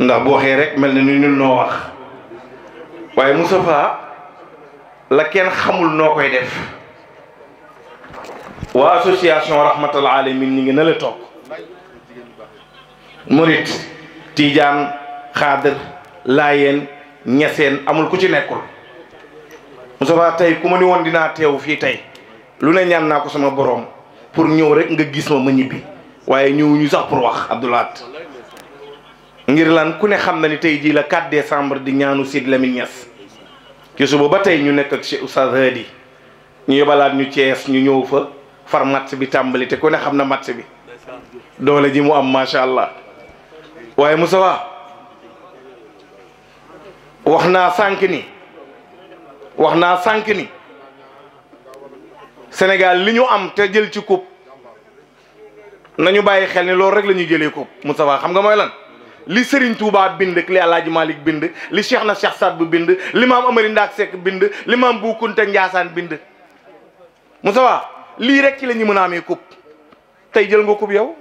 ndax boo waxee rek mel na ni ñun noo wax waaye Moustapha la kenn xamul noo koy def waa association rahmatal alamin ñi ngi na la toog murit tiijaan xaadir laayeen ñaseen amul ku ci nekkul Moustapha tey ku ma ni woon dinaa teew fii tey lu ne ñaan naa ko sama boroom pour ñëw rek nga gis ma ma ñibbi waaye ñëwuñu sax pour wax Abdoulaat ngir lan ku ne xam na ni tey jii la 4 décembre di ñaanu Sid Lamine Niass ci suba ba tey ñu nekk ci Cheikh Oustaz Hadi ñu yebalaat ñu Cees ñu ñëw fa far match bi tàmbali te ku ne xam na match bi doole ji mu am macha allah waaye Moustapha wax naa sànq ni wax naa sànq ni Sénégal li ñu am te jël ci coupe nañu bàyyi xel ni loolu rek la ñuy jëlee coupe Moustapha xam nga mooy lan. li Serigne Touba bind li El Hadj bind li Cheikh na Cheikh Saad bu bind li maam Amari Ndaak Seck bind li maam Bu Kunta Njaasaan bind Moussa lii rek ci la ñu mën a amee coupe tey jël nga coupe yow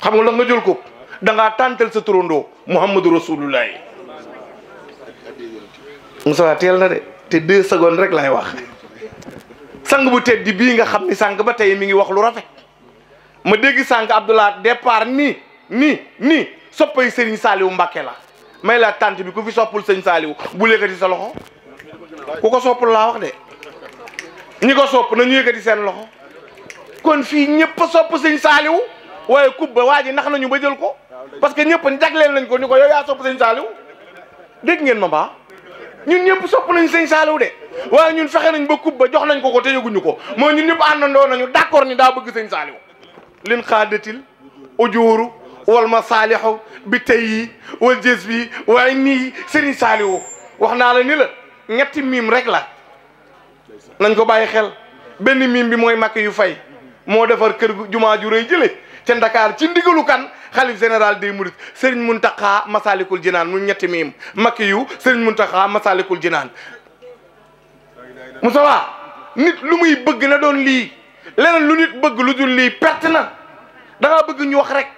xam nga la nga jël coupe dangaa tàntal sa turandoo Mouhamadou Rasulullah yi Moussa teel na de te deux secondes rek lay wax sang bu tedd bii nga xam ni sànq ba tey mi ngi wax lu rafet ma dégg sànq Abdoulaye départ nii nii nii soppay sëriñ Saaliwu mbakke la may la tànt bi ku fi soppul sëñ Saaliwu bu yëkkati sa loxo ku ko soppul laa wax de ñi ko sopp nañu yëkkati seen loxo kon fii ñëpp a sopp sëñ Saaliwu waaye kubba waa ji nax nañu ba jël ko parce que ñëpp jagleen nañ ko ni ko yow yaa sopp sëñ Saaliwu dégg ngeen ma baa ñun ñëpp sopp nañ sëñ Saaliwu de waaye ñun fexe nañ ba kubba jox nañ ko ko te yëguñu ko mooy ñun ñëpp àndandoo nañu d'accord ni daa bëgg sëñ Saaliwu lin xaadatil ujooru wal masaalihu bi tey yi wal jës waaye nii Serigne Saliou wax naa la ni la ñetti miim rek la nañ ko bàyyi xel benn miim bi mooy makk yu fay moo defar kër juma ju rëy jële te Ndakaar ci ndigalu kan xalif général des mourides Serigne Mountakha Masalikul Jinaan mu ñetti miim makk yu Serigne Mountakha Jinaan Moustapha nit lu muy bëgg na doon lii leneen lu nit bëgg lu dul lii perte na da bëgg ñu wax rek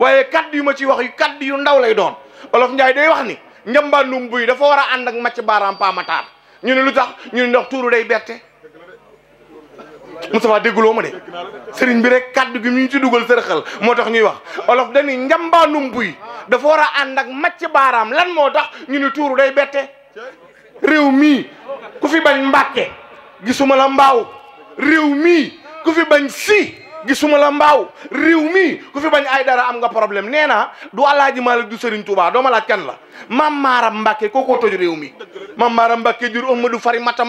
waye kaddu yu ma ci wax yu kaddu yu ndaw lay doon olof nday day wax ni njambaandum buy dafa wara a ak match baram pa paamataar ñu ne lutax ñu ndox touru day bette Moustapha dégguloo ma de serigne bi rek kaddu gi ñu ci duggal sërxal moo tax ñuy wax olof dañi njambaanum buy dafa wara a ak match baram lan motax ñu ni touru day bette rew mi ku fi bañ mbàkke gisuma la mbaaw rew mi ku fi bañ si gisuma la mbaaw réew mi ku fi bañ ay dara am nga problème nee naa du alaaji Malick du Serigne Touba doo laaj kan la maam Maara Mbacke kookoo toj réew mi maam Maara Mbacke jur Ahmadou Fari Mata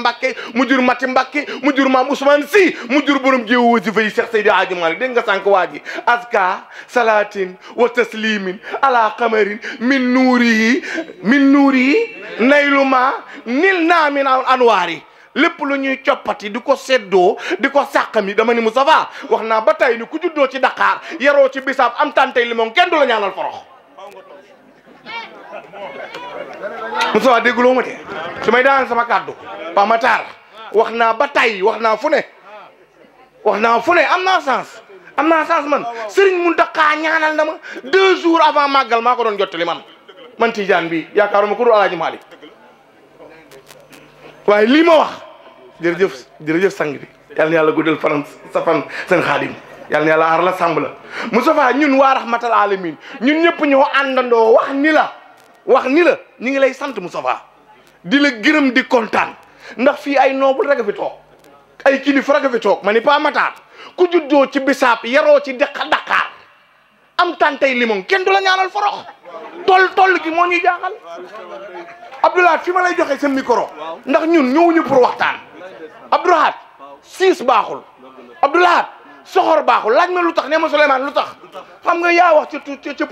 mu jur Mati Mbacke mu jur maam Ousmane Sy mu jur borom géewu wasifa yi Cheikh Seydi Alaaji Malick dégg nga sànq waa ji azka salatin wa taslimin ala qamarin min nuurihi min nuurihi nayluma nil naa min anwaari lépp lu ñuy coppati di ko seddoo di ko sàqami dama ni Moustapha wax naa ba tey ni ku juddoo ci Dakar yaroo ci bisaab am tàntey li moom kenn du la ñaanal forox Moustapha dégguloo ma de su may daanal sama kàddu Pa Matar wax naa ba tey wax naa fu ne wax naa fu ne am naa sens am naa sens man Serigne Mountakha ñaanal na ma deux jours avant màggal maa ko doon li man man Tidiane bi yaakaaruma ku dul Alaaji Maalik waaye lii ma wax jërëjëf jërëjëf sang bi yal yàlla guddal fanam sa fan seen yàlla aar la sàmb la Moustapha ñun waa matal alamin ñun ñëpp ñoo àndandoo wax ni la wax ni la ñu ngi lay sant Moustapha di la gërëm di kontaan ndax fii ay noobul rek a fi toog ay kilifa rek fi toog ma ni Pa Matar ku juddoo ci bisaab yaroo ci dëkk Dakar am tàntay limon kenn du la ñaanal forox toll toll gi moo ñuy jaaxal Abdoulaye fi ma lay joxe sa mikoro ndax ñun ñëwuñu pour waxtaan Abdoulaye siis baaxul Abdoulaye soxor baaxul laaj ma lu tax nee ma Souleymane lu tax xam nga yaa wax ca ca ca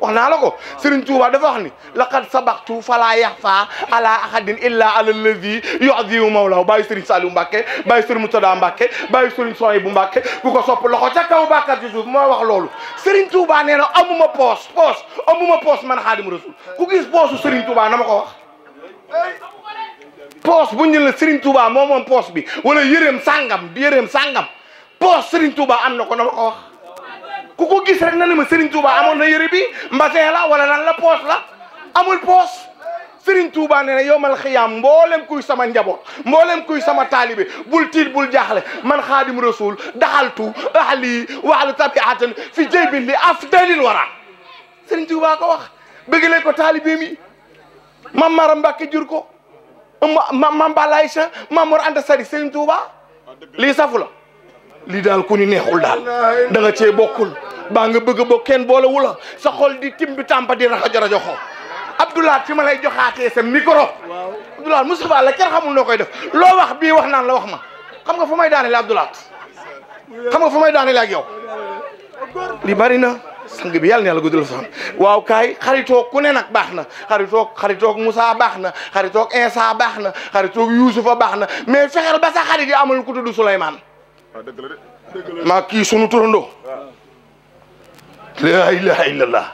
wax naa la ko Serigne Touba dafa wax ni laqad sabaqtu fala yaxfa ala ahadin illa ala allazi yu'zimu mawlaahu bàyyi Serigne Saliou Mbacke bàyyi Serigne Moutada Mbacke bàyyi Serigne Soy bu Mbacke ku ko sopp loxo ca kaw bàkkaar ci suuf moo wax loolu Serigne Touba nee na amuma poos poos amuma poos ma Xaadimu Rasul ku gis poosu Serigne Touba na ma wax poos bu ñu la Serigne Touba moom poos bi wala yëreem sàngam yëreem sàngam poos Serigne Touba am na na ma ku gis rek na ne ma Serigne Touba amoon na yëre bi mbasin la wala nan la pos la amul pos Serigne Touba ne ne yowmal khiyam mbollem kuy sama njabo mbollem kuy sama talibé bul tit bul jaxlé man khadim rasoul dakhaltu ahli wa waxlu tabiatan fi jaybin li afdalil wara Serigne Touba ko wax bëggalee ko talibé mi mam mara Mbàkke jur ko mam mam sa Mamour Anta Sari Serigne Touba li safu la li daal ku ni neexul daal da nga cee bokkul baa nga bëgg a bokk kenn boolewu la sa xol di bi tàmpa di rajo rajo xoo Abdoulaye fi ma lay joxaatee sa micro. Abdoulaye Moustapha la kenn xamul noo koy def loo wax bii wax naan la wax ma xam nga fu may daanele Abdoulaye xam nga fu may daanele ak yow li bari na. sang bi yàlla na yàlla guddal fan waaw kaay xaritoog ku ne nag baax na xaritoog xaritoog Moussa baax na xaritoog Insa baax na xaritoog Youssoufa baax na mais fexeel ba sa xarit yi amul ku tudd Souleymane Ah, maa kii sunu turandoo. laa ilaha illallah.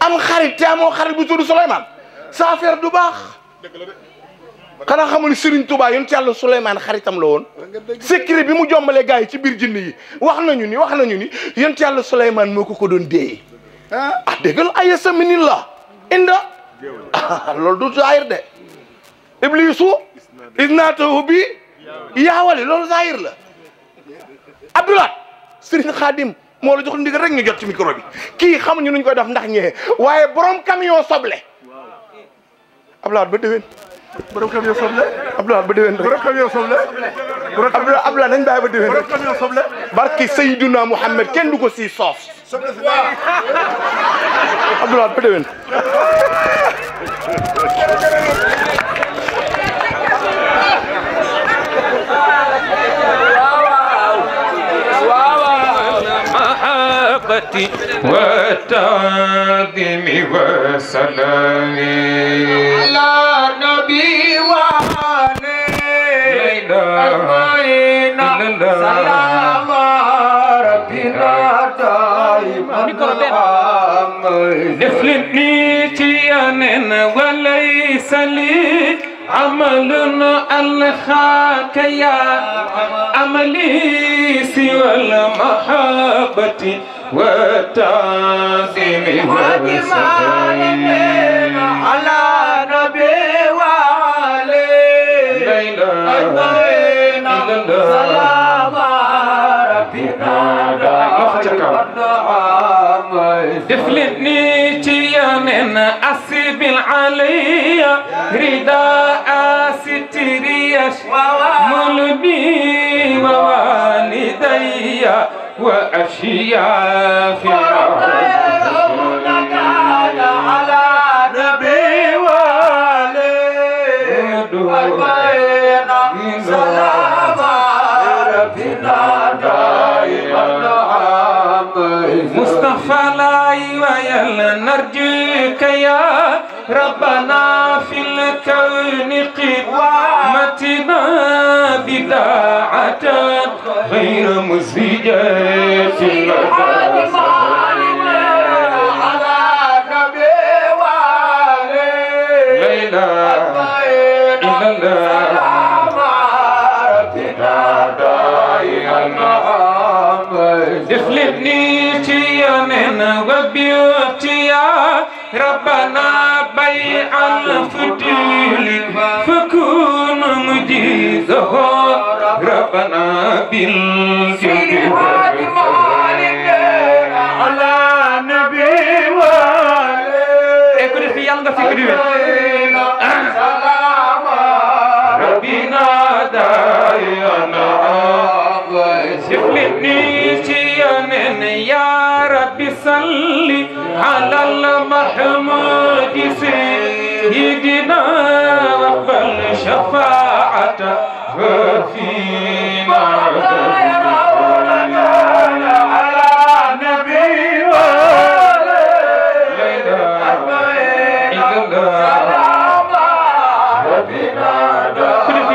am xarit te amoo xarit bu tudd Souleymane. sa affaire du baax. xanaa xamul Serigne Touba yonent Yàlla Souleymane xaritam la woon. secret bi mu jombalee gars ci biir jinn yi wax nañu ni wax nañu ni yonent Yàlla Souleymane moo ko ko doon dee. ah, ah déggal ayasa minillah inda ah, loolu du zahir de. Iblisu. isnaatahu bi yaawale loolu zahir la. Abdoulaye Serigne Khadim moo la jox ndigal rek ñu jot ci micro bi kii xamuñu nuñ koy def ndax ñee waaye borom camion soble Abdoulaye ba déwén. borom camion soble Abdoulaye ba déwén rek borom camion soble. Abdoulaye Abdoulaye nañ bàyyi ba déwén rek borom camion soble. barki Seydouna Mouhamed kenn du ko si soof. soble si waaw Abdoulaye ba déwén. والصلاة والتعظيم والسلام على نبي وعلي أجمعين سلام ربنا دائما نفلني تيانا وليس لي عمل ألخاك يا عملي سوى المحبة والتعظيم والسلام على نبي وعلي أجمعين سلام ربنا دعوة النعم دفلتني من أسب العلي رداء ستريش ملبي ووالدي وأشيافي على نبي والي سلام ربنا مصطفى لا ويل نرجوك يا ربنا في الكون قوامتنا بداعة غير مزيجة الأرض بنا بيع الفتول فكون مجيزه ربنا بالفتول على نبي والي اكل في يلغا فكري سلام ربنا داينا يفلتني شيئا يا صل على المحمود سيدنا واقبل شفاعته فينا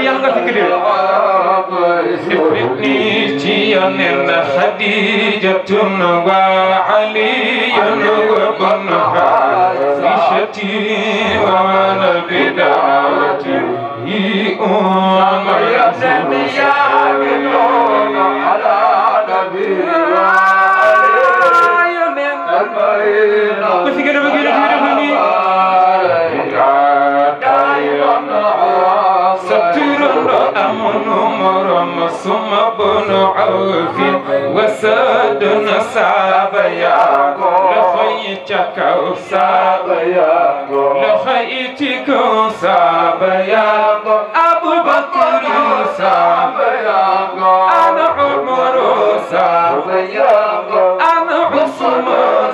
Yanga fikri. Ifritni çiyanın خديجة وعلي وابن عائشة وأنا بدعوته yago loxo yi ca kaw saaba yago loxo yi ci kaw saaba yago abubakar saaba yago ana umar saaba yago ana usman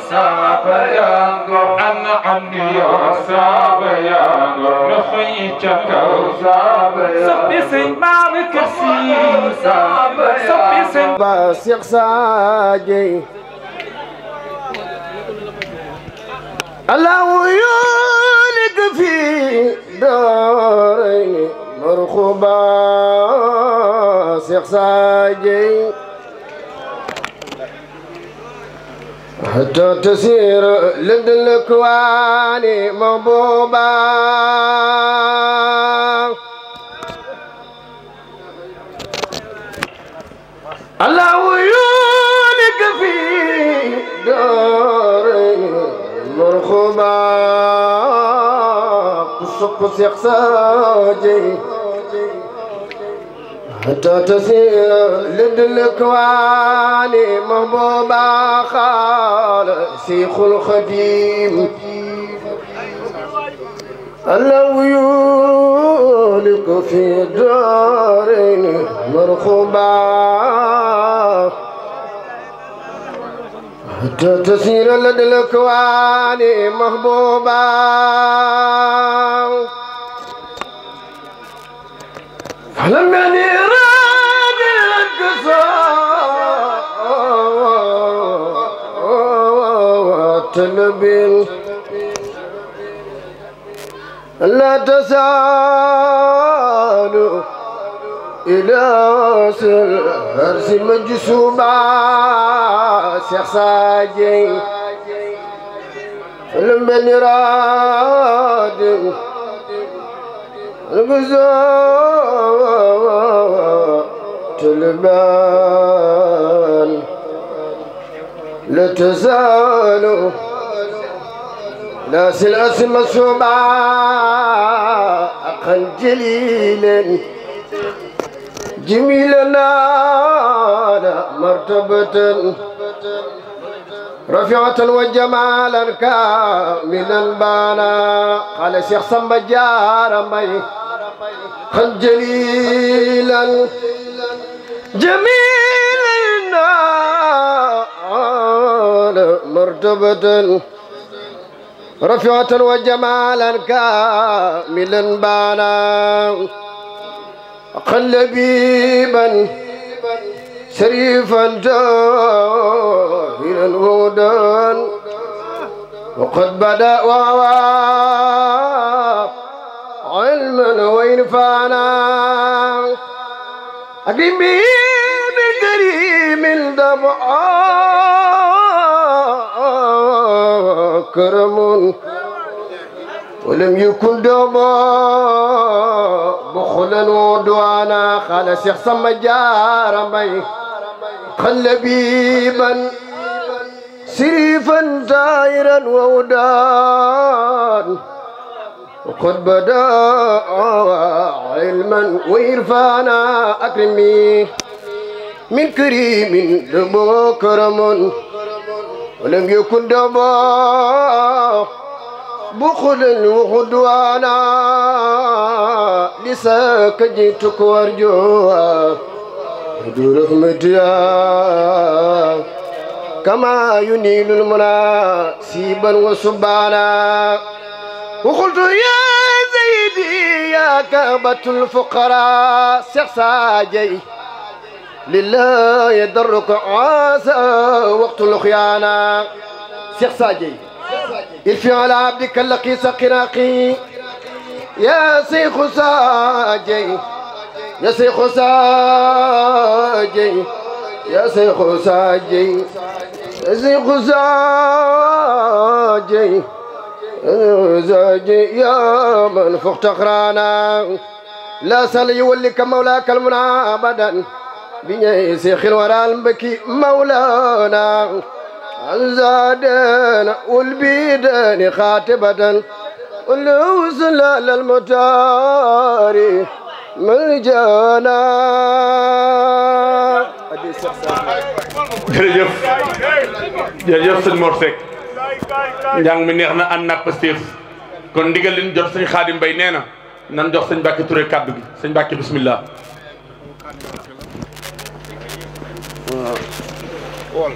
saaba yago ana ali saaba yago loxo yi ca kaw saaba yago soppi sëñ Babacar Si saaba yago soppi sëñ Babacar Si الله في دارين مرخوبا شيخ ساجي حتى تسير لد الكواني محبوبة الله ما الشق سيقساجي حتى تسير للكواني مهبوبا خال شيخ الخديم الله يولك في دار مرخوبا تسير لدلك الاكوان محبوبة فلم يعني راد القصار لا تسال إلى هرس مجسومة شيخ ساجي لما نراد الغزال تلمان لا تزالوا ناس الأسمى سمع أقل جليلا لا لا مرتبة رفعة وجمالا كاملا بانا قال شيخ سمبا جارمي مي خل جليلا لا مرتبة رفعة وجمالا كاملا بانا أقل شريف شريفا جاهلا هودا وقد بدا وعوى علما وإنفانا أقيم بكريم دمعا كرم ولم يكن دوما بخلا ودوانا خال شيخ سما جار مي خلبيبا سريفا زائرا وودان وقد بدا علما وإرفانا أكرمي من كريم كرم ولم يكن دوما بخل وغدوانا لساك جئتك وارجوها بدون رحمتها كما ينيل المنا سيبا وسبانا وقلت يا زيدي يا كعبة الفقراء سعساجي لله يدرك عاسى وقت الخيانة سعساجي يشفي على عبدك اللقيس قراقي يا سيخ ساجي يا سيخ ساجي يا سيخ ساجي يا سيخ ساجي زاجي يا من فقت خرانا لا سال يولك مولاك المنى ابدا بني سيخ الورى المبكي مولانا زادنا والبيدني خاتبة والوصل للمتاري من جانا جرجف جرجف سلمورسك جان من نحن أننا بسيف كون ديغل لين جور سني خادم باي نينا نان جور سني باكي توري كادو سني باكي بسم الله Well...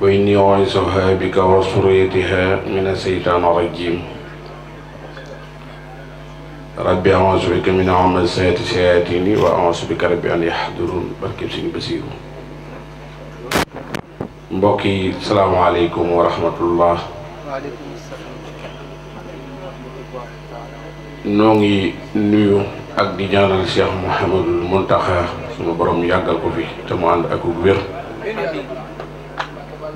وإني أعيذها بك وسريتها من الشيطان الرجيم رب أعوذ بك من عمل سيئات سيئاتيني وأعوذ بك رب أن يحضرون بركة بسيرة مبوكي السلام عليكم ورحمة الله نوغي نيو اك دي جان الشيخ محمد المنتخب سونو بروم ياغال كو في تمان اكو وير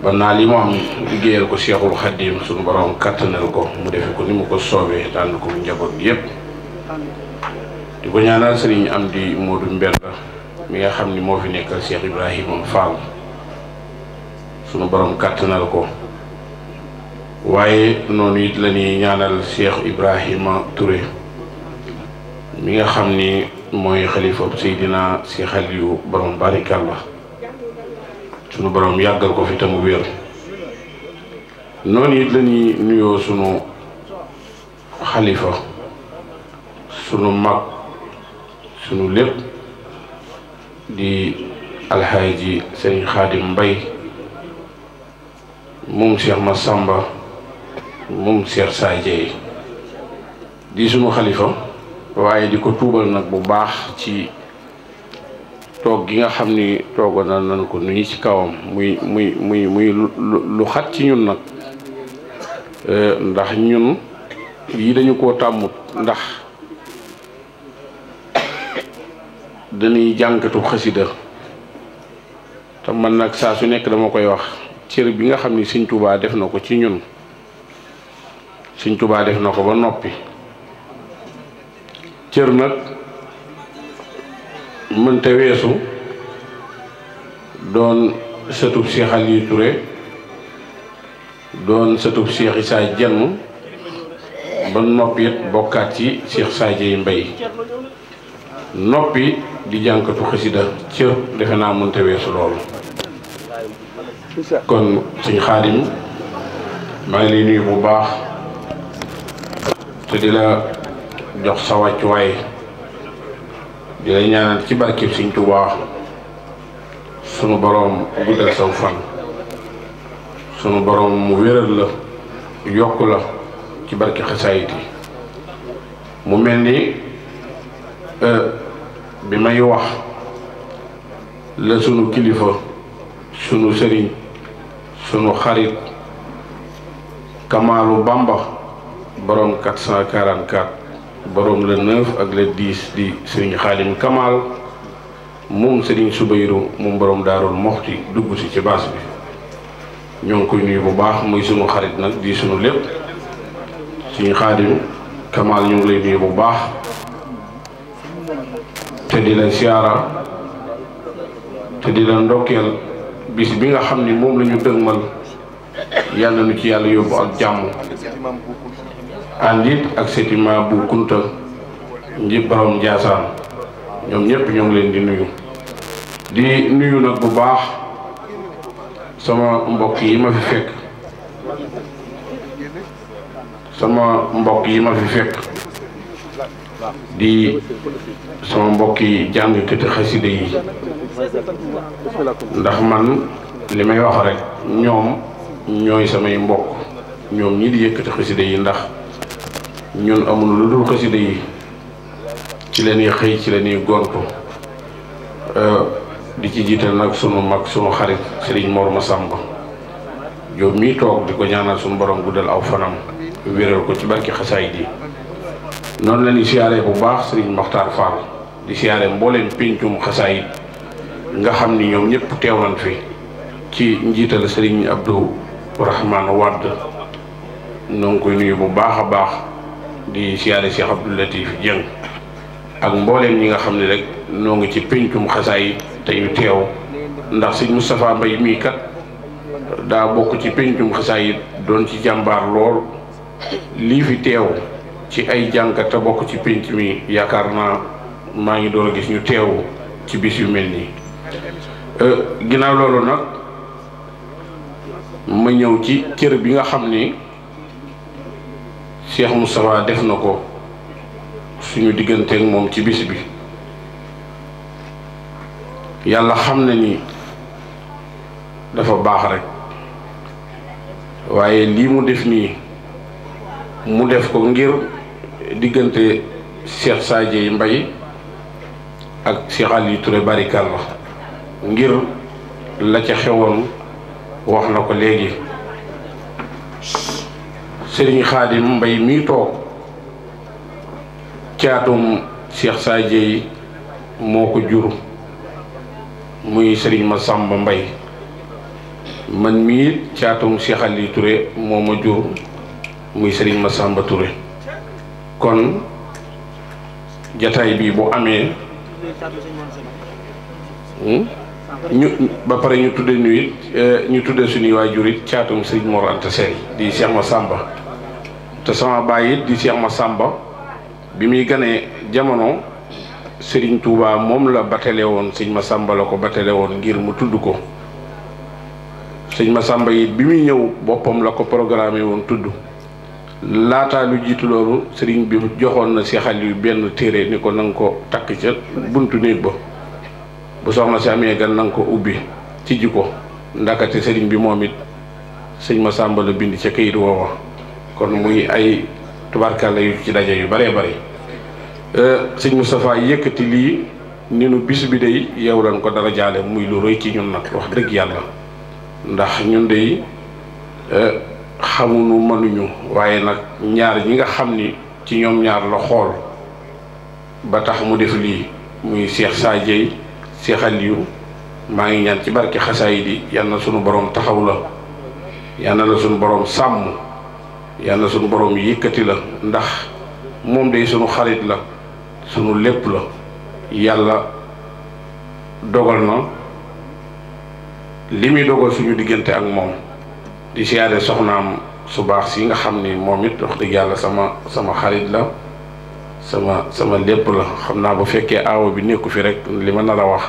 ba naa li mu am liggéeyal ko Seexul Xaddiim suñu borom kàttanal ko mu defe ko ni mu ko soobee tànn ko njaboot gi yépp di ko ñaanal sëriñ am di mber la mi nga xam ni moo fi nekkal Cheikh Ibrahima Fall sunu borom kàttanal ko waaye noonu it lañuy ñuy ñaanal Cheikh Ibrahima Touré mi nga xam ni mooy xalifa dinaa Cheikh yu borom barikalla sunu borom yàggal ko fi te mu wér noonu it la ñuy nuyoo sunu xalifa sunu mag sunu lépp di alxaaji sëriñ xaadim mbay moom Cheikh Massamba moom Cheikh Sadie di sunu xalifa waaye di ko tuubal nag bu baax ci toog gi nga xam ni toogoon na nan ko nu ñu ci kawam muy muy muy muy lu xat ci ñun nag euh, ndax ñun yi dañu koo tàmmut ndax dañuy jànkatu xasida te man nag saa su nekk dama koy wax cër bi nga xam ni sëñ tuba def na ko ci ñun sëñ tuba def na ko ba noppi cër nag mënta weesu doon sëtub Cheikh doon sëtu Cheikh Issa Dieng ba noppi it bokkaat ci Cheikh Sadio Mbaye noppi di jànkatu xasida cër defe naa mënte weesu loolu kon suñ xaadim maa ngi lay bu baax te di la jox sa wàccuwaay di ci barkib Sëñ Tuubaa sunu boroom guddal saw fan sunu boroom mu wéral la yokk la ci barki xasaayit mu mel ni euh, bi may wax la sunu kilifa sunu sëriñ sunu xarit Kamaalu Bamba boroom 444 borom la 9 ak le 10 di sëriñ xaalim Kamal moom sëriñ Subayru moom borom daarul moxti dugg si ci baas bi ñoo ngi koy nuyu bu baax mooy sunu xarit nag di sunu lépp sëriñ xaalim Kamal ñu ngi lay nuyu bu baax te di la siyaara te di la ndokkeel bis bi nga xam ni moom la ñu dëgmal yàlla nu ci yàlla yóbbu ak jàmm. ànd it ak sédiment bu kunta nji borom Njaasaan ñoom ñëpp ñoo ngi leen di nuyu di nuyu nag bu baax sama mbokk yi ma fi fekk mbokk yi ma fi fekk di sama mbokk yi jàngkati xaside yi ndax man li may wax rek ñoom ñooy samay mbokk ñoom ñi di yëkkati xaside yi ndax ñun amul lu dul xasida yi ci la ñuy xëy ci la ñuy gontu euh, di ci jiital nag sunu mag sunu xarit sëriñ Serigne Mor Massamba Diop mii toog di ko ñaanal sunu borom guddal aw fanam wéral ko ci barki xasaay ji noonu la ñuy siyaaree bu baax Serigne Makhtar Fall di siyaaree mbooleem pencum xasaay nga xam ni ñoom ñëpp teew nañ fi ci njiital sëriñ Abdou Rahman Wadd ñoo koy nuyu bu baax a baax. di siyaare Cheikh Abdou Latif Dieng ak mbooleem ñi nga xam ne rek noo ngi ci péncum xasaay te ñu teew ndax sëñ Moustapha yi mii kat daa bokk ci péncum mu yi doon ci jàmbaar lool lii fi teew ci ay jànkat te bokk ci pénc mi yaakaar naa maa ngi doon a gis ñu teew ci bis yu mel nii euh, ginnaaw loolu nag ma ñëw ci cër bi nga xam ni Cheikh Moustapha def na ko suñu digganteek moom ci bis bi yàlla xam na ni dafa baax rek waaye lii mu def nii mu def ko ngir diggante Cheikh Sadji mbay ak Cheikh Aliou ture barikal la ngir la ca xewoon wax na ko léegi sëriñ xaadim mbay mii toog caatum Cheikh Sa Dieye moo ko jur muy sëriñ ma sàmba mbay man mii caatum Cheikh Ali Touré moo ma jur muy sëriñ ma sàmba Touré kon jataay bi bu amee hmm? ñu ba pare ñu tudde ñu it eh, ñu tudde suñuy waajurit caatum sëriñ Mor Anta Sey di Cheikh ma sàmba te sama baay di Cheikh Massamba bi mi ganee jamono Serigne Touba mom la batale won Serigne Massamba la batale won ngir mu tuddu ko Serigne Massamba yi bi mi ñew bopam lako ko won tuddu lata lu jitu lolu Serigne bi joxon na si ali ben téré téere ni ko ko buntu nebo ba bu soxna si amé gan nang ko ubbi ci ko ndakate Serigne bi momit Serigne Massamba la bind ci kayit wowo kon muy ay tubaarkàlla yu ci daje yu bëree euh seigne mustapha yëkkati li ni nu bis bi day yow lan ko dara jaale muy lu roy ci ñun nak wax deug yalla ndax ñun day euh, xamuñu mënuñu waye nak ñaar ñi nga xamni ci ñom ñaar la xol ba tax mu def li muy Cheikh Sa Cheikh Aliou ma ngi ñaan ci barke xasaayid yi yal borom taxaw la la sunu borom sàmm yàlla sunu borom yëkkati la ndax moom day sunu xarit la sunu lépp la yàlla dogal na li muy dogal suñu diggante ak moom di siyaare soxnaam su baax si nga xam ni moom it wax dëgg yàlla sama sama xarit la sama sama lépp la xam naa bu fekkee aawo bi nekku fi rek li ma na la wax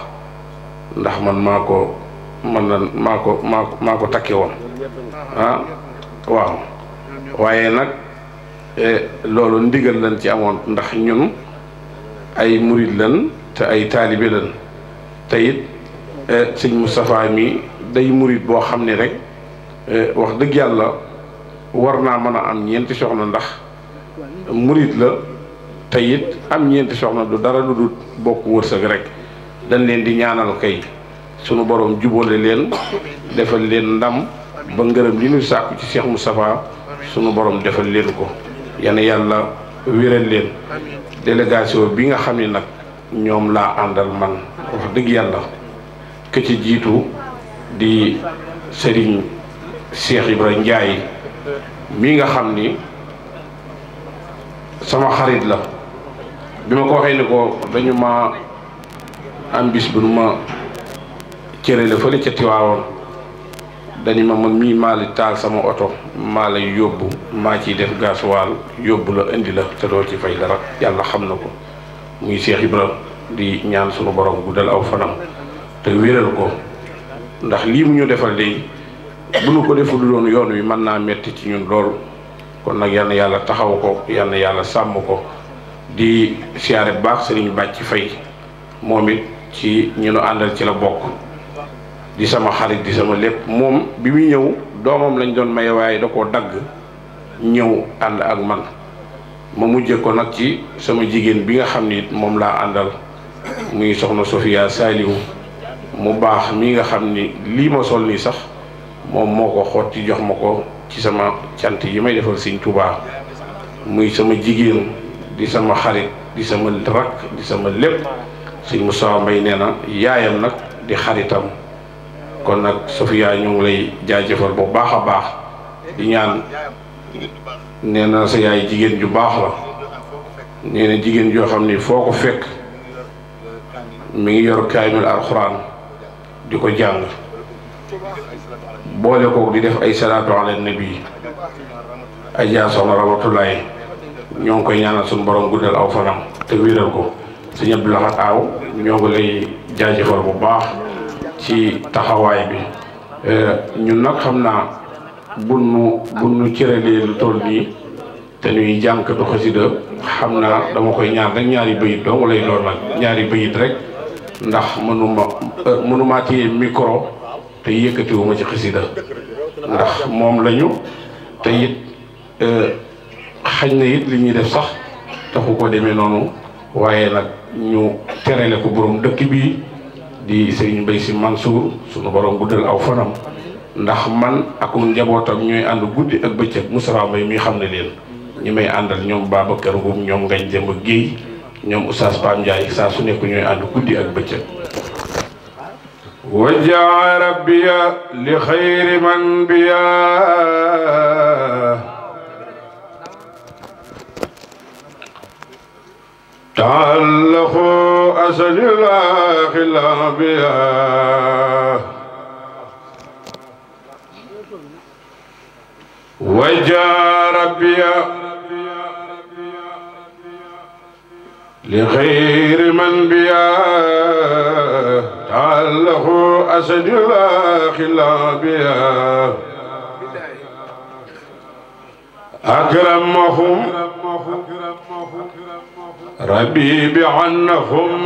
ndax man maa ko man na maa ko maa ko maa ko takki woon ah, waaw waaye nag eh, loolu ndigal lañ ci amoon ndax ñun ay murid lañ te ay taalibe lan te it eh, sëñ Moustapha mi day murid boo xam ne rek eh, wax dëgg yàlla war naa mën a am ñeenti soxna ndax murid la te it am ñeenti soxna du dara lu dul bokk wërsëg rek dañ leen di ñaanal kay sunu borom jubóole leen defal leen ndam ba ngërëm li ñu sàkku ci Cheikh Moustapha sunu borom defal leen ko yal na yàlla wéral leen délégation bi nga xam ni nag ñoom laa àndal man wax dëgg yàlla ke ci jiitu di sëriñ Cheikh njaay Ndiaye mi nga xam ni sama xarit la bi ma ko waxee ni ko dañu ma am bis bu nu ma cërale fële ca Tiwaawoon dañu ma man mii maali taal sama oto maa lay yóbbu maa ciy def gaasuwaal yóbbu la indi la te doo ci fay dara yàlla xam na ko muy Cheikh Ibra di ñaan sunu borom guddal aw fanam te wéral ko ndax lii mu ñu defal léegi bu nu ko deful doon yoon wi mën naa metti ci ñun lool kon nag yàlla yàlla taxaw ko yàlla yàlla sàmm ko di siyaare baax sëriñ bàcc fay moom it ci ñu nu àndal ci la bokk di sama xarit di sama lépp moom bi muy ñëw doomam lañ doon maye waaye da koo dagg ñëw ànd ak man ma mujje ko nag ci sama jigéen bi nga xam ni moom laa àndal muy soxna Sofia Saliou mu baax mi nga xam ni lii ma sol nii sax moom moo ko xotti jox ma ko ci sama cant yi may defal Sëñ Tuubaa muy sama jigéen di sama xarit di sama rakk di sama lépp Sëñ Moussa Mbaye nee na yaayam nag di xaritam kon nak Sofia ñu ngi lay jaajeufal bu baaxa baax di ñaan neena na sa yaay jigen ju baax la neena na jo xamni foko fek mi ngi yor kaymul alquran di ko jàng boole ko di def ay salatu ala nabi ajja sama rabbatullah ñoo koy ñaanal sun borom guddal aw fanam te wiral ko sëñ abdullah Lahad Aw ñoo ngi lay jaajeufal bu baax ci taxawaay bi euh, ñun nag xam naa bu nu bu nu cëralee lu toll nii te ñuy jànkatu xasida xam naa dama koy ñaan rek ñaari bayit dong lay doon nag ñaari bayit rek ndax mënuma euh, mënumaa téye micro te yëkkatiwuma ci xasida ndax moom lañu te it euh, xañ na it li ñuy def sax taxu ko demee noonu waaye nag ñu terale ko borom dëkk bi di serigne Mbay Si Mansour sunu borom guddal aw fanam ndax man jabot ak ñooy ànd guddi ak ak musara Mbay mi xamne ne leen ñi may àndal ñoom Babacar bu ñom Ngañ ak geey ñom Oustaz Pam jaay sa su nekk guddi ak becc rabbiya li xayri man biya تعلقوا أسد الأخ الأنبياء وجاء ربي لخير من بيا تعلقوا أسد الأخ الأنبياء أكرمهم ربيب عنهم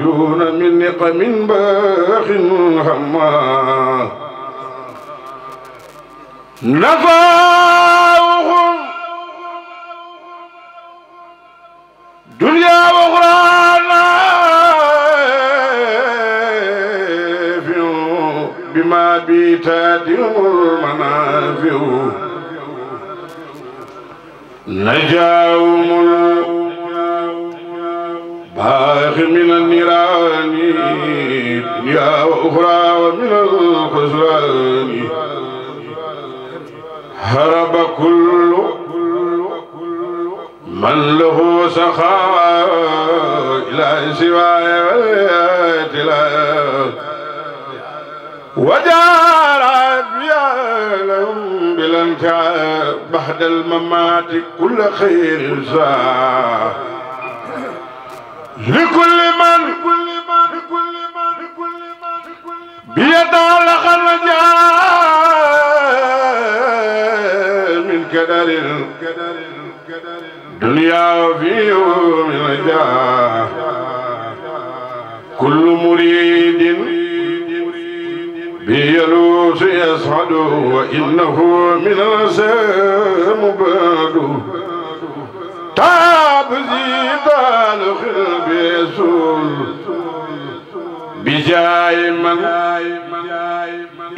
جون من نقم باخ هما نفاؤهم دنيا وغرام بما بيتاتهم المنافئ نجاهم الباخ من النيران يا وأخرى ومن الخسران هرب كل من له سخاء إلى سواي الآيات وجعل أبيالهم بالأنكار بعد الممات كل خير زار لكل من من لكل من بيد من كدر دنيا في يوم الرجاء كل مريد به يلوس وإنه من العزاء مباد تعب زيد الخلب يسول بجاي من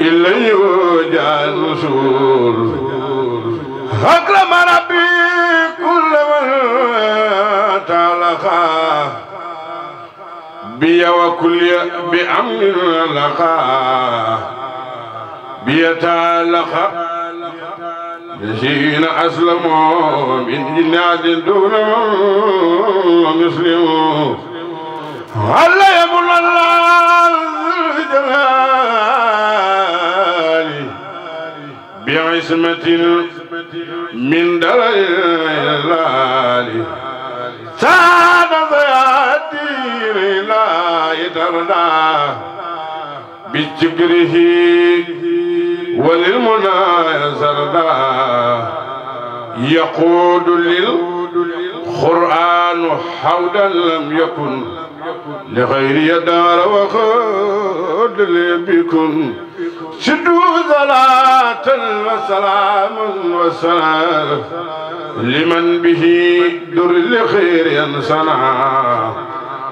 إلا يوجع النسول أكرم ربي كل من تلقاه بيا وكل بأمر بيا تالقا الذين أسلموا من جناد دون مسلم هل يقول الله الجلال بعصمة من دلال الله سعد سيادير لا يدرنا بجكره وللمنى يزرنا يقود للقرآن حولا لم يكن لخير دار وخد بكم شدوا صلاة وسلاما وسلام لمن به در لخير ينصنع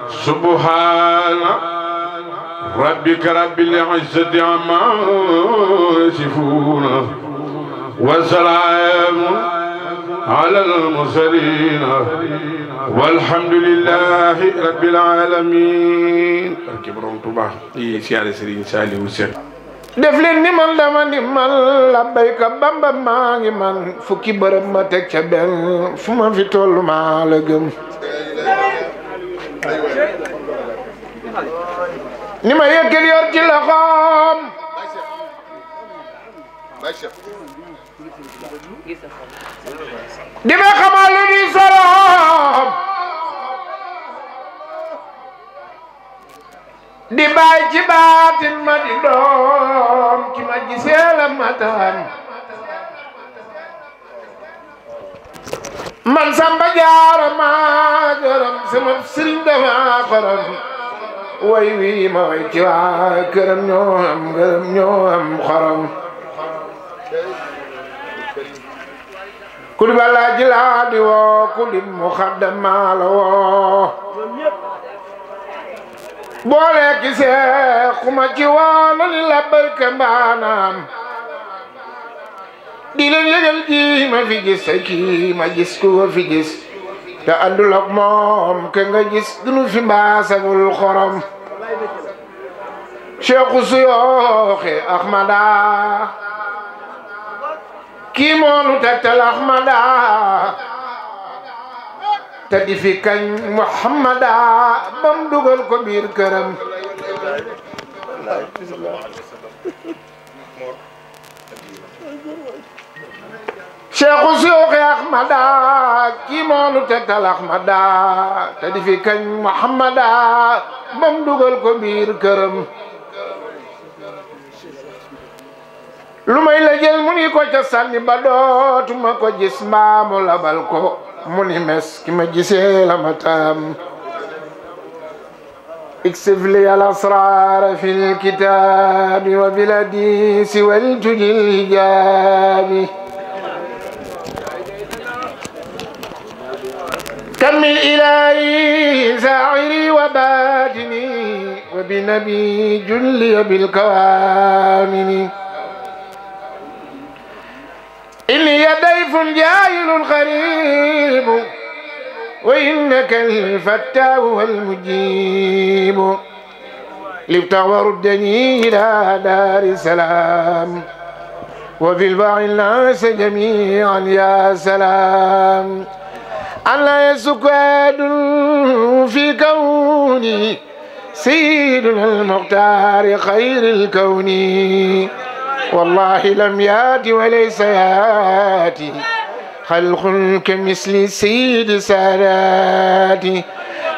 سبحان ربك رب العزة عما يصفون وسلام على المرسلين والحمد لله رب العالمين كبرون طبعا سيارة سرين سالي وسير def leen ni man dama ni man labbayka bamba maa ngi man fukki bërëb ma teg ca benn fu ma fi toll maa la gëm ni ma yëkkal yor ci loxoom Gitu. di ma xamal li ni saraam di bàyyi ci batin ma di dom ci ma gisee la matam man samba jaar ma gërëm sama sëriñ dama faram way wi ma way ci wa këram ñoo am gërëm ñoo am xaram kul balaa jilaadi woo kulim muxaddama la woo boole gisee xuma ci woon li la barke mbaanaam di leen yëgal ji ma fi gis te kii ma ku ma fi gis te àndul ak moom ke nga gis dunu fi mbaasagul xorom cheikhu suyooxi ahmada kii moonu tegtal ahmada te di fi kañ muhammada bam dugal ko biir këram cheikhu siyooxi ahmada kii moonu tegtal ahmada te di fi kañ muhammada bam dugal ko biir këram lu may la jël mu ni ko ca sànni ba dootuma ko gis mbaamu labal ko mu ni mes ki ma gisee la ma taam اكسف لي الأسرار في الكتاب وبلادي سوى الجد الهجاب كم الإلهي زاعري وبادني وبنبي جلي بالكوامن إلي ضيف جاهل غريب وإنك الفتاه والمجيب لبت وردني إلى دار سلام وفي الباع الناس جميعا يا سلام ألا يسك في كوني سيدنا المختار خير الكون والله لم يات وليس ياتي خلق كمثل سيد ساداتي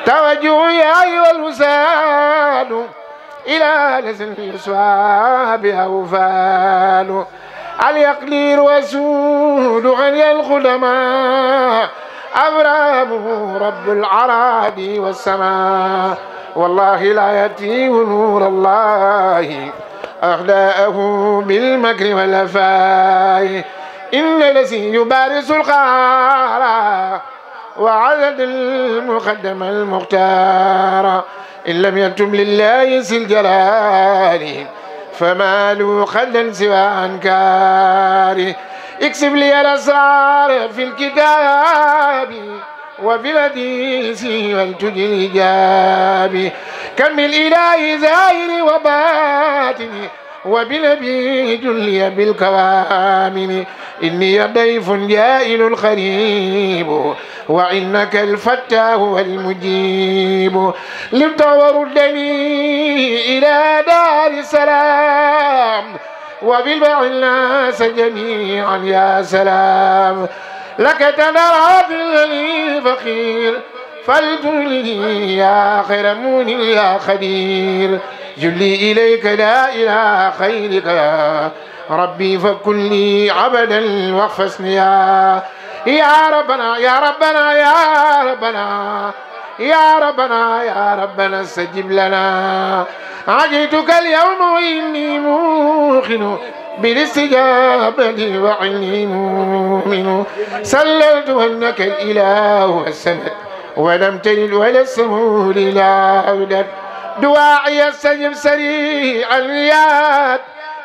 توجه يا أيها الوساد إلى لسن الأصحاب أوفال اليقدير وسود غني الخدماء أبرامه رب العراب والسماء والله لا يأتي نور الله أعداءه بالمكر والأفاي إن الذي يبارز القهر وعدد المقدم المختار إن لم يتم لله سل جلاله فما له خلا سوى أنكاره اكسب لي الأسرار في الكتاب وبمديسه والتجري جابي كم الإله زاهر وباطن وبلبي جلي بالكوامن إني ضيف جائل الخريب وإنك الفتاه والمجيب لبت وردني إلى دار السلام وبالبع الناس جميعا يا سلام لك تنرى في بالغني فقير فالجلي يا خير من يا خدير جلي إليك لا إلى خيرك ربي فكلي عبدا واخفصني يا ربنا يا ربنا يا ربنا يا ربنا يا ربنا استجب لنا عجيتك اليوم وإني موقن بالاستجابة لي وعني مؤمن سللت أنك الإله السند ولم تجد ولا السمول لا أولد دواعي السجم سريع الياد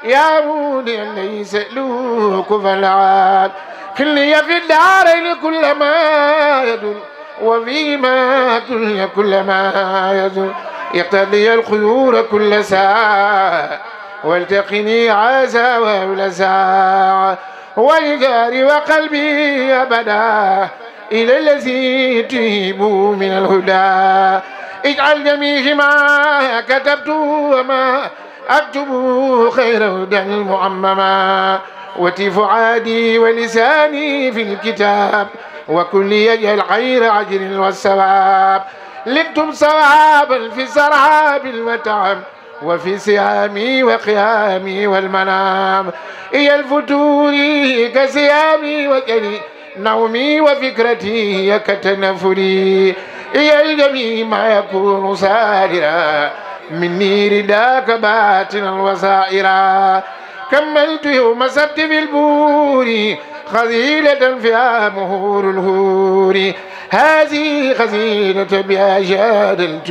يا مولي ليس له كفى عاد كلي في الدارين كل ما يدل وفيما دنيا كل ما يدل يقتضي الخيور كل ساعه والتقني عزا ولزاع والجار وقلبي أبدا إلى الذي تهيب من الهدى اجعل جميع ما كتبت وما أكتب خير هدى معمما وتف عادي ولساني في الكتاب وكل يجعل خير عجل والثواب لنتم ثوابا في سراب المتعب وفي سهامي وقيامي والمنام هي الفتور كسيامي وكني نومي وفكرتي هي كتنفري هي الجميع ما يكون سائرا مني رداك باتنا الوسائرا كملت يوم سبت في البوري خزيلة فيها مهور الهور هذه خزينة بها جادلت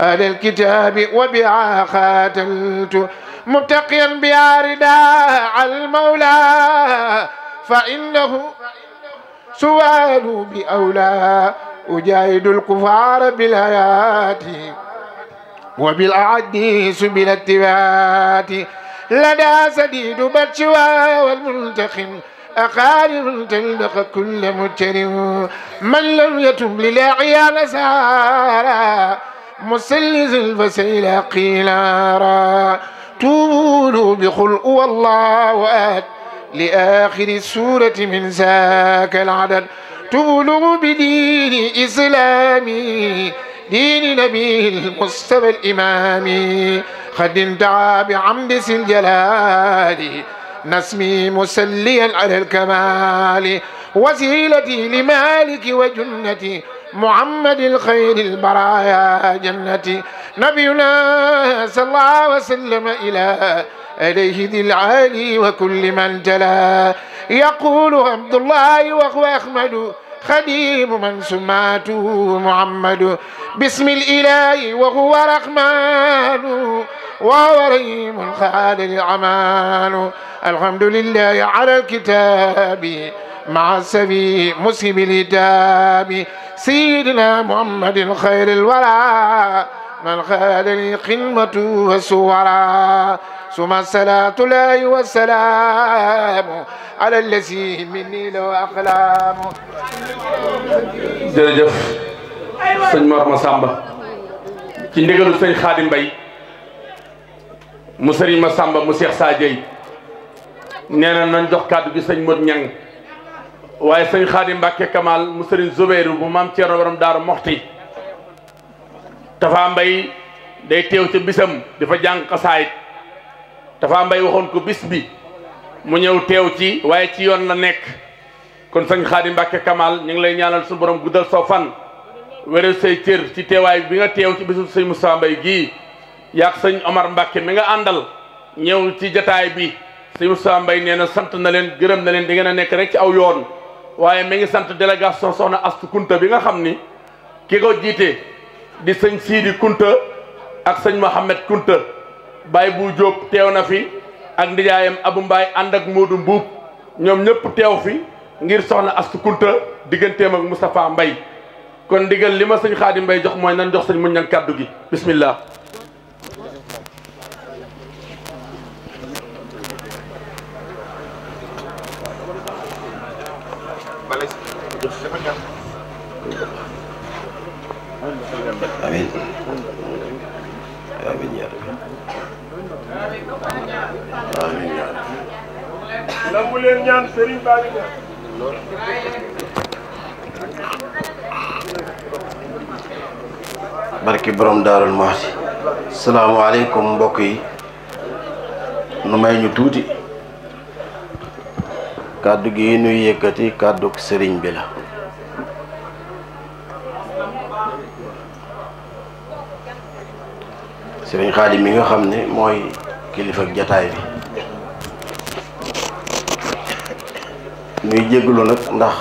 أهل الكتاب وبها خاتلت متقيا بأرداء المولى فإنه سؤال بأولى أجاهد الكفار بالآيات سبل التبات لدى سديد بتشوى والملتخم أقارب تلبق كل مجرم من لم يتب للاعيا نسارا مسلز الفسيل قيلارا توبوا بخلق والله أهد لآخر السورة من ذاك العدد تبلغ بدين إسلامي دين نبي المصطفى الإمامي خد دعا بعمد الجلال نسمي مسليا على الكمال وسيلتي لمالك وجنتي محمد الخير البرايا جنتي نبينا صلى الله وسلم إلى عليه ذي العالي وكل من تلا يقول عبد الله وهو أحمد خديم من سماته محمد بسم الإله وهو رحمن وهو رحيم خالد الأمان الحمد لله على الكتاب مع السبي مسلم الهتاب سيدنا محمد خير الورى من خال القمة والسورى ثم الصلاة لا والسلام على الذي مني لو أقلام جرجف سنمر مسامبا كندقل سن خادم باي مسري مسامبا مسيخ ساجي نانا ننجوخ كادو بسن مدنين waye seigne khadim mbake kamal mu serigne zubeyru bu mam ci rawam daru muxti Tafa Mbay day teew ca bisam di fa jàng xasaayit Tafa Mbay waxoon ko bis bi mu ñëw teew ci waaye ci yoon la nekk kon sëñ Xaadim Mbàkke Kamal ñu ngi lay ñaanal su borom guddal soo fan wéral say cër ci teewaay bi nga teew ci bisu sëñ Moussa Mbay gii yaag sëñ Omar Mbàkke mi nga àndal ñëw ci jataay bi sëñ Moussa Mbay nee na sant na leen gërëm na leen di ngeen a nekk rek ci aw yoon waaye mi ngi sant délégation soxna Astu Kunta bi nga xam ni ki ko jiite di sëñ siidi Kunta ak sëñ Mohamed Kunta baay bu Diop teew na fi ak ndijaayam Abu Mbaay ànd ak Moodu Mbuub ñoom ñëpp teew fi ngir soxna Astu Kunta digganteem ak Moustapha Mbay kon ndigal li ma sëñ Xaadim Mbay jox mooy nan jox sëñ muñ ñan kàddu gi bismillah amiin amiin barki borom daarul Muxti salaamaaleykum mbokk yi nu may ñu tuuti kàddu gi nuy yëkkati kàddu sëriñ bi la سيرين خادم ميغا خامني موي كليفا جتاي بي ني جيغلو نك نдах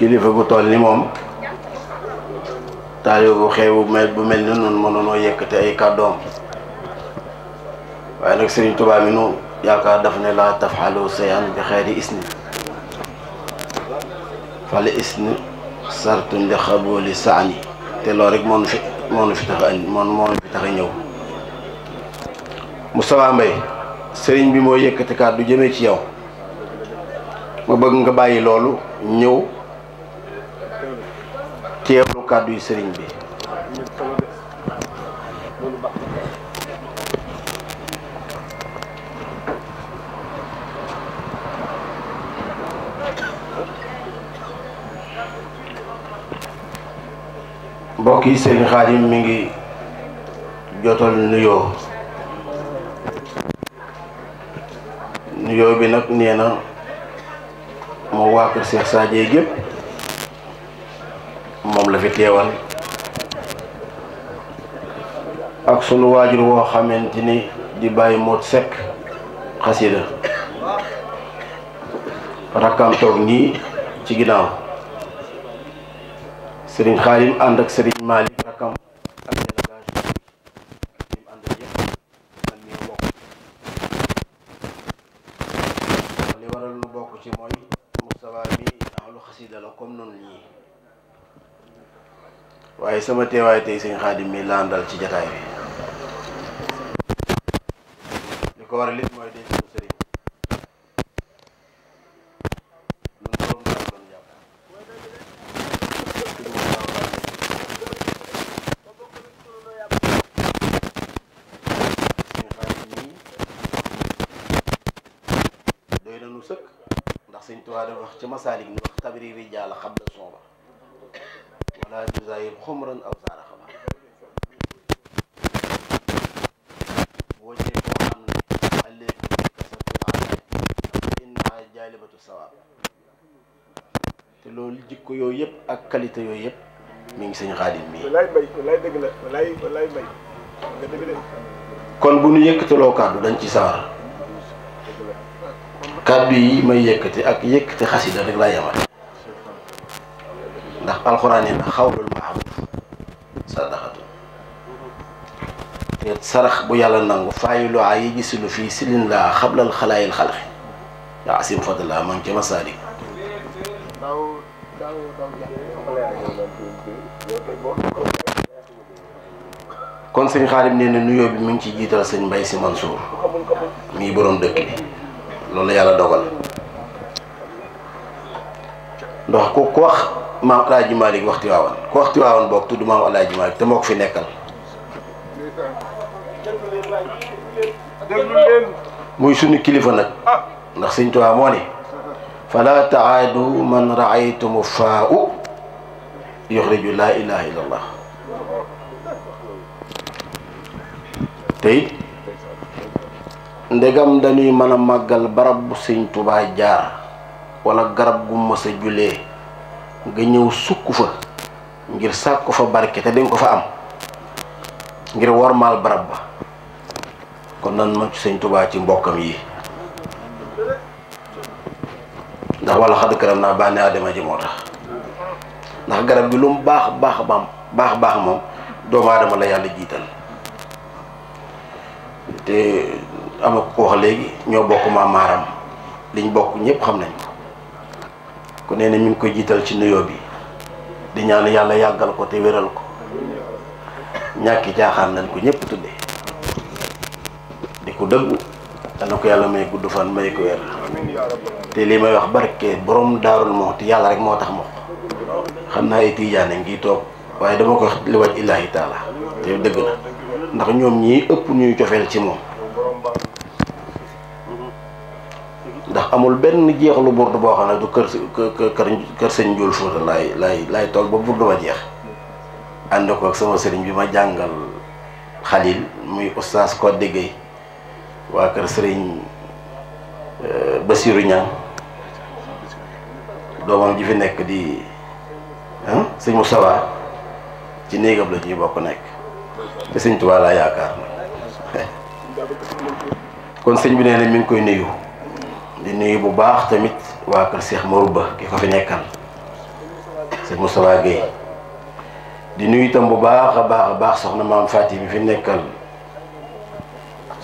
كليفا بو تول ني موم تاريو بو خيو ميل بو ميل نون مونونو ييكتي اي كادوم واي نك سيرين توبا مي نو ياكار دافني لا تفعلوا شيئا بخير اسم فالاسم سرتن لخبول سعني تلو رك مونفي moonu nu fi tax a moo moo nu fi tax a ñëw Moustapha Mbaye sëriñ bi mooy yëkkati kàddu jëmee ci yow ma bëgg nga bàyyi loolu ñëw teewlu kàddu yi sëriñ bi mbokk yi khadim mi ngi jotal nuyo nuyo bi nak neena mo wa ko Cheikh sadie gep mom la fi tewal ak sunu wajur wo xamanteni di baye mot sek xasida rakam tok ni ci ginaaw serigne khadim ak waaye sama teewaay tey sëñ xaadim mi laandal ci jataay bi li ko war a lépp mooy day sunu sëriñ xaadim mii doy na nu sëkk ndax sëñ Tuubaa dafa wax ci masaalik ni wax tabiri rijaal xam la sooba wala tuzaayib xumran aw saara xama boo jëlee koo xam ne ëllëg jaalibatu sawaab te loolu jikko yooyu yëpp ak qualité yooyu yëpp mi ngi sëñ xaadim mii walaay bay walaay dëgg la walaay bu ñu kàddu dañ ci sawar kàddu yi may yëkkati ak yëkkati xasida rek laa yemal القران هنا خول المعروف صدقته يتصرخ بو يالا نانغو فايلو اي جيسلو في سلين لا قبل الخلايا الخلق يا عسيم فضل الله من كما سالي كون سيغ خالد نينا نويو بي مونتي جيتال سيغ مباي سي منصور مي بروم دك لي لولا يالا دوغال ndox ko ko wax maam alaaji malik waxti waawon ko waxti waawan boog tudd maam alaaji malik te moo fi nekkal muy sunu kilifa nak ndax seigne Tuubaa mo ne fala taadu man ra'aytum fa'u yukhriju la ilaha illallah tay ndegam dañuy mana magal barab seigne sëñ jaar wala garab gu mossa nga ñëw sukk fa ngir sàkku fa barke te dinga ko fa am ngir wormaal barab ba kon nan ma sëñ Tuubaa ci mbokkam yi ndax wala xadd karam naa bànni aadama ji moo tax ndax garab bi lu mu baax baax maam baax baax moom doomu aadama la yàlla jiital te am na ko wax léegi ñoo bokk maam maaram liñ bokk ñépp xam nañ ko nee ne mi ngi koy jiital ci nuyoo bi di ñaan yàlla yàggal ko te wéral ko ñàkki jaaxaan nañ ko ñëpp tudde di ko dëggu dana ko yàlla may gudd fan may ko wér te lii may wax barke boroom daarul moo te yàlla rek moo tax moo xam naa ay tiijaane ngi toog waaye dama ko wax li waj illaahi taala te dëgg na ndax ñoom ñii ëpp ñuy cofeel ci moom ndax amul benn jeexlu burdu boo xam ne du kër kër kër sëñ Njuul Fuuta lay lay lay toog ba burdu ba jeex ànd ko ak sama sëriñ bi ma jàngal xalil muy oustaz Codé Gueye waa kër sëriñ euh, Basiru Ñang doomam ji fi nekk di ah sëñ Moustapha ci néegam la ñuy bokk nekk te sëñ Tuubaa laa yaakaar kon sëñ bi nee na mi ngi koy nuyu. di nuyu bu baax tamit waa kër Cheikh Marouba ki ko fi nekkal Cheikh Moustapha Guèye di nuyu itam bu baax a baax a baax soxna maam Faati bi fi nekkal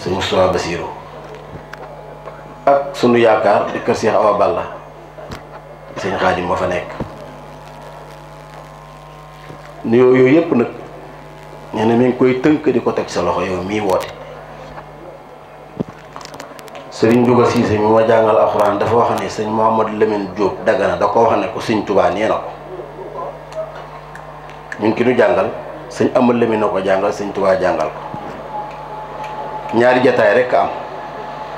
Cheikh Moustapha Basirou ak sunu yaakaar di kër Cheikh Awa Balla sëñ Xaadim moo fa nekk nuyoo yooyu yëpp nag nee na mi ngi koy tënk di ko teg sa loxo yow mii woote. sëriñ Njuga Siise mi ma jàngal alxuraan dafa wax ne sañ Mouhamadou Lamine Diop Dagana da ko wax ne ko sëñ Tuubaa nee na ko ñun ki nu jàngal sëñ Amadou Lamine ko jàngal sëñ Tuubaa jàngal ko ñaari jataay rek am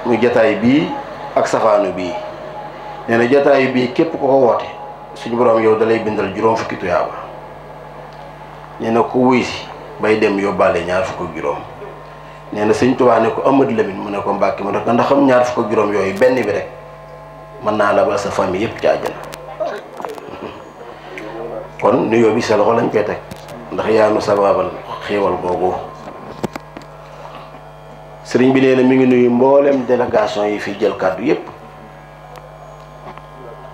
muy jataay bii ak safaanu bii nee na jataay bii képp ko ko woote suñu borom yow dalay bindal juróom fukki tuyaaba nee na ko wuy si bay dem yóbbaale ñaar fukk juróom nee na sëñ Tuubaa ne ko Amadu Lamin mu ne ko Mbàkke mu ne ko ndax am ñaar fukk ak juróom yooyu benn bi rek mën naa la ba sa famille yëpp ci àjjana kon nuyoo bi sa loxo lañ koy teg ndax yaanu sababal xéewal googu sëriñ bi nee na mi ngi nuyu mboolem délégation yi fi jël kàddu yépp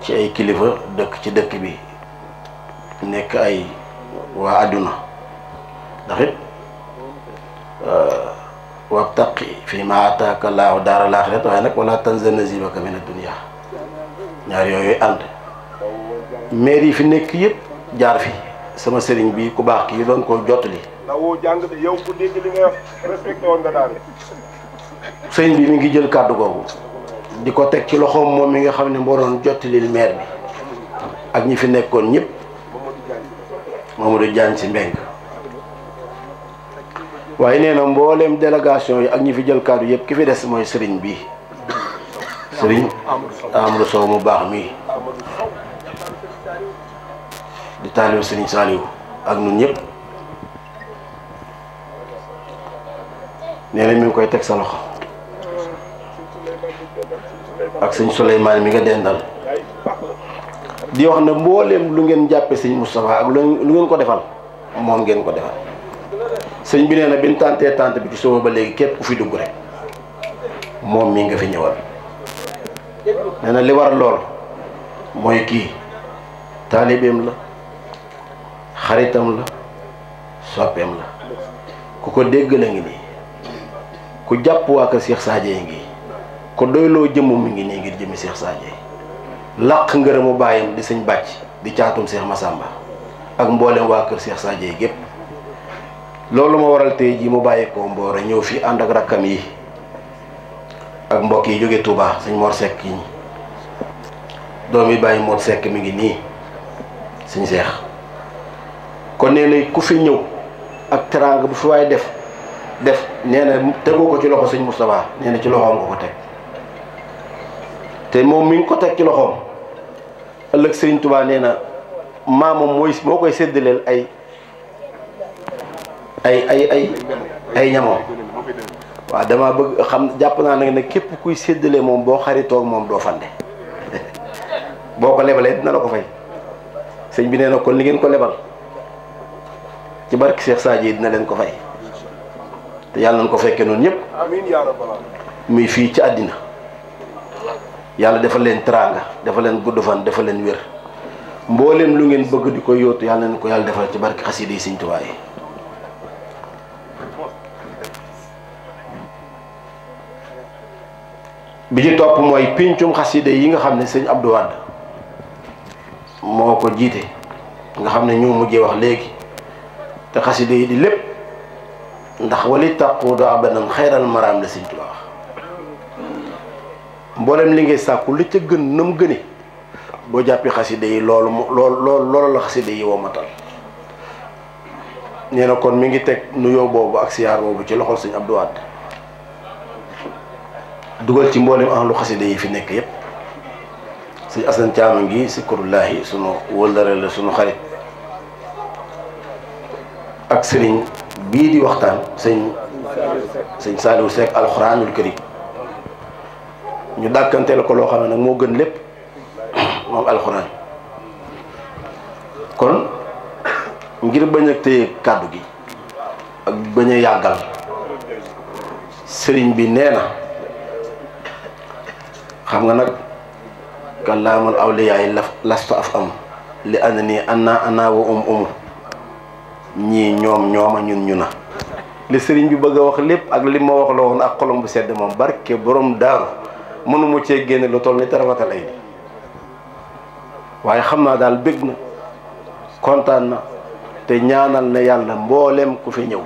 ci ay kilifa dëkk ci dëkk bi nekk ay waa àdduna ndax euh, wabtaqi fii ma ataaka laahu daaral aaxirat waaye nag wala tansa nasiibaka mina dunya ñaar yooyu ànd maire yi fi nekk yëpp jaar fi sama sëriñ bi ku baax kii doon koo jottali. dawoo jàng de sëriñ bi mu ngi jël kàddu googu di ko teg ci loxoom moom mi nga xam ne moo doon jottalil maire bi ak ñi fi nekkoon ñëpp Mamadou Diagne si Mbengue. waaye nee na mbooleem délégation yi ak ñi fi jël kàddu yëpp ki fi des mooy sëriñ bi sëriñ Amadou Sow mu baax mii di taalibu sëriñ Saliou ak ñun ñëpp nee na mi ngi koy teg sa loxo ak sëñ Souleymane mi nga dendal di wax ne mbooleem lu ngeen jàppe sëñ Moustapha ak lu ngeen ko defal moom ngeen ko defal sëñ bi nee na bi ñu tàntee tànt bi ci suba ba léegi képp ku fi dugg rek moom mi nga fi ñëwal nee na li war lool mooy kii taalibeem la xaritam la soppeem la ku ko dégg la ngi nii ku jàpp waa kër Cheikh Sadio yi ngi ku doyloo jëmm mi ngi nii ngir jëmmi Cheikh Sadio làq ngërëmu bàyyam di sëñ bàcc di caatum ma Massamba ak mboolem waa kër seex Sadio yi gépp loolu ma waral tey jii mu bàyyeekoo Mboro ñëw fi ànd ak rakkam yi ak mbokk yi jóge Touba sëñ Mor Seck yi doom yi bàyyi Mor Seck mi ngi nii sëñ Seex kon nee na ku fi ñëw ak teraanga bu fi waaye def def nee na ko ci loxo sëñ Moustapha nee na ci loxoom nga ko teg te moom mi ngi ko teg ci loxoom ëllëg sëñ Touba nee na maamam mooy moo koy séddaleel ay. ay ay ay ay ñamo wa dama bëgg xam japp na nga ne képp kuy sédélé mom bo xaritoog moom mom fande fandé boko lébalé dina la ko fay sëñ bi néna ko li ngeen ko lébal ci barki Cheikh sadji dina leen ko fay te yalla nañ ko fekkee noonu ñëpp ya muy fi ci adina yalla dafa leen teraanga dafa leen guddu fan dafa leen wër mbolem lu ngeen bëgg di ko yalla nañ ko yalla defal ci barki khassidi sëñ bi ci topp mooy pincum xasida yi nga xam ne sëñ Abdou Wade moo ko jiite nga xam ne ñu mujjee wax léegi te xasida yi di lépp ndax wali tàqu do abadan xayral maraam la sëñ Tuubaa wax li ngay sàkku li ca gën na mu gëne boo jàppee xasida yi loolu mu loolu loolu la xasida yi womatal nee na kon mu ngi teg nuyoo boobu ak siyaar boobu ci loxol sëñ Abdou Wade dugal ci mboolem ahlu xasida yi fi nek yeb sëñ Assane Thiam ngi sikurullahi sunu wolare le sunu xarit ak sëriñ bi di waxtan sëñ sëñ salou sek alxuraanul karim ñu dàkkanteel ko lo xamne nak mo gën lépp mom alxuraan kon ngir bañ ak tey kàddu gi ak bañ a yàggal bi neena xam nga nag kàllaamal awliyaay laf lasta af am li ànd nii anna anna wa um umu ñii ñoom ñooma ñun ñu na li sëriñ bi bëgg a wax lépp ak li ma wax la woon ak xolom bu sedd moom barke borom daaru mënu mu cee génne lu toll ni tarafatal ay waaye xam naa daal bég na kontaan na te ñaanal na yàlla mboolem ku fi ñëw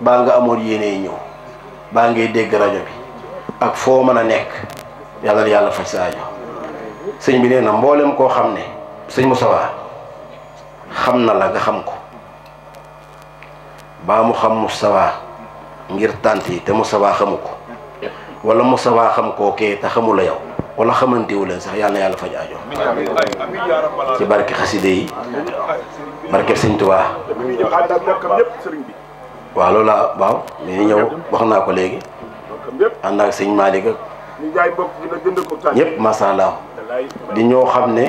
baa nga amoon yéene yi ñëw baa ngay dégg rajo bi ak foo mën a nekk yàlla na yàlla faj sa aajo sëñ bi nee na mboolem koo xam ne sëñ sawa xam na la nga xam ko baa mu xam mu Moustapha ngir tànt yi te mu sawa xamu ko wala Moustapha xam koo kee te xamu la yow wala xamantewu leen sax yàlla yàlla faj aajo ci barke xaside yi barke sëñ Tuubaa waaw loolu laa waaw dañuy ñëw wax naa ko léegi ànd ak sëñ Malick ñu jaay bopp gi nag jënd di ñoo xam ne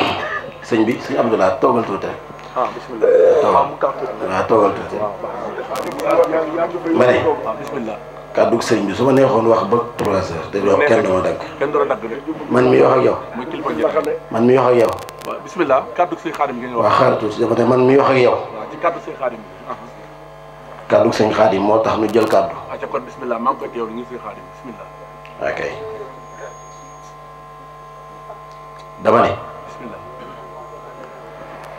sëñ bi si Abdoulaye toogal tuuti rek. ah kàddu sëñ bi su ma neexoon wax ba trois te yow kenn du ma man mi wax ak yow. man mi wax ak yow. waa bisimilah kàddu sëñ Xaadim gi nga wax. waaw xaar dama ne man mi wax ak yow. waaw ci kàddu sëñ Xaadim ah, ah. moo tax ñu jël kàddu. waaw ca kon bisimilah maa ngi ñu ok dama ne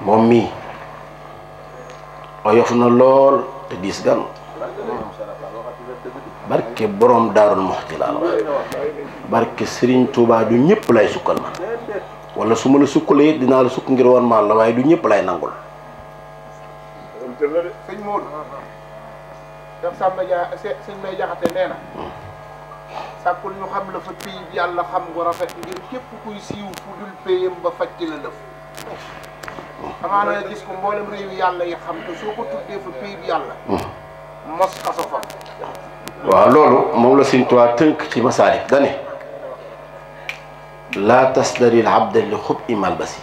moom mii oyof na lool te gis gan barke borom daarul moxti laa la wax barke Serigne Touba du ñëpp lay sukkal ma wala su ma la sukkalee dinaa la sukk ngir wan maan la waaye du ñëpp lay nangul sëñ sakul ñu xam la fa pays bi yàlla xam nga rafet ngir képp kuy siiw fu dul payam ba faj ci la def xamaa na gis ko mboolem réew yàlla yi xam te soo ko tuddee fa pays bi yàlla mos kaso fa waaw loolu moom la Sëriñ Tuubaa tënk ci masaalik dane la tasdari al abda li xub imal basi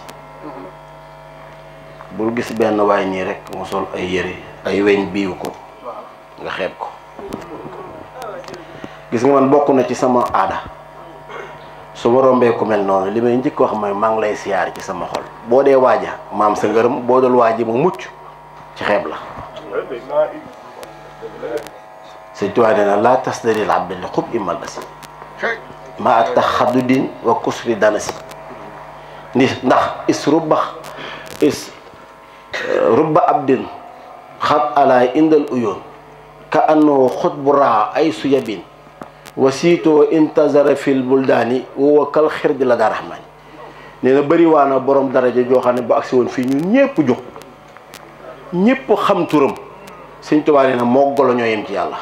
bul gis benn waay nii rek mu sol ay yëre ay weñ biiw ko nga xeeb ko gis nga man bokku na ci sama ada. su ma rombe ku mel non limay may njëkk wax mooy mang lay siar ci sama xol bo de waja maam sa ngërëm bo dul waji mu mucc ci xeb la na tas dalil li imal asi ma atakhadudin wa kusri danasi ni ndax is rubba is euh, rubba abdin Khat ala indal uyun ka annahu xut ay suyabin wasiitoo intazara fil buldaani woo kal xirdi la daa raxmaani nee na bëri waa na borom daraja joo xam ne bu agsi woon fii ñu ñépp jóg ñépp xam turam sëñ Tuubaa na moo golo ñoo yem ci yàlla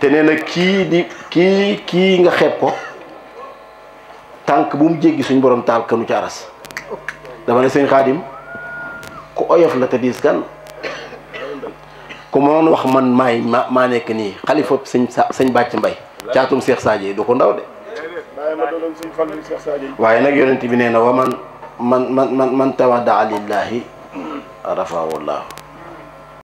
te nee kii di kii kii nga xeeb ko tànk bu mu jéggi suñ borom taal kanu ci aras dama ne sëñ Xaadim ku oyof la te diis ku ma doon wax man maay ma maa nekk nii xalifa sëñ sa sëñ bàcc mbay caatum Cheikh Sadio yi du ko ndaw de waaye nag yonent bi nee na wa man man man man man tawaddaa lillahi rafaahu llahu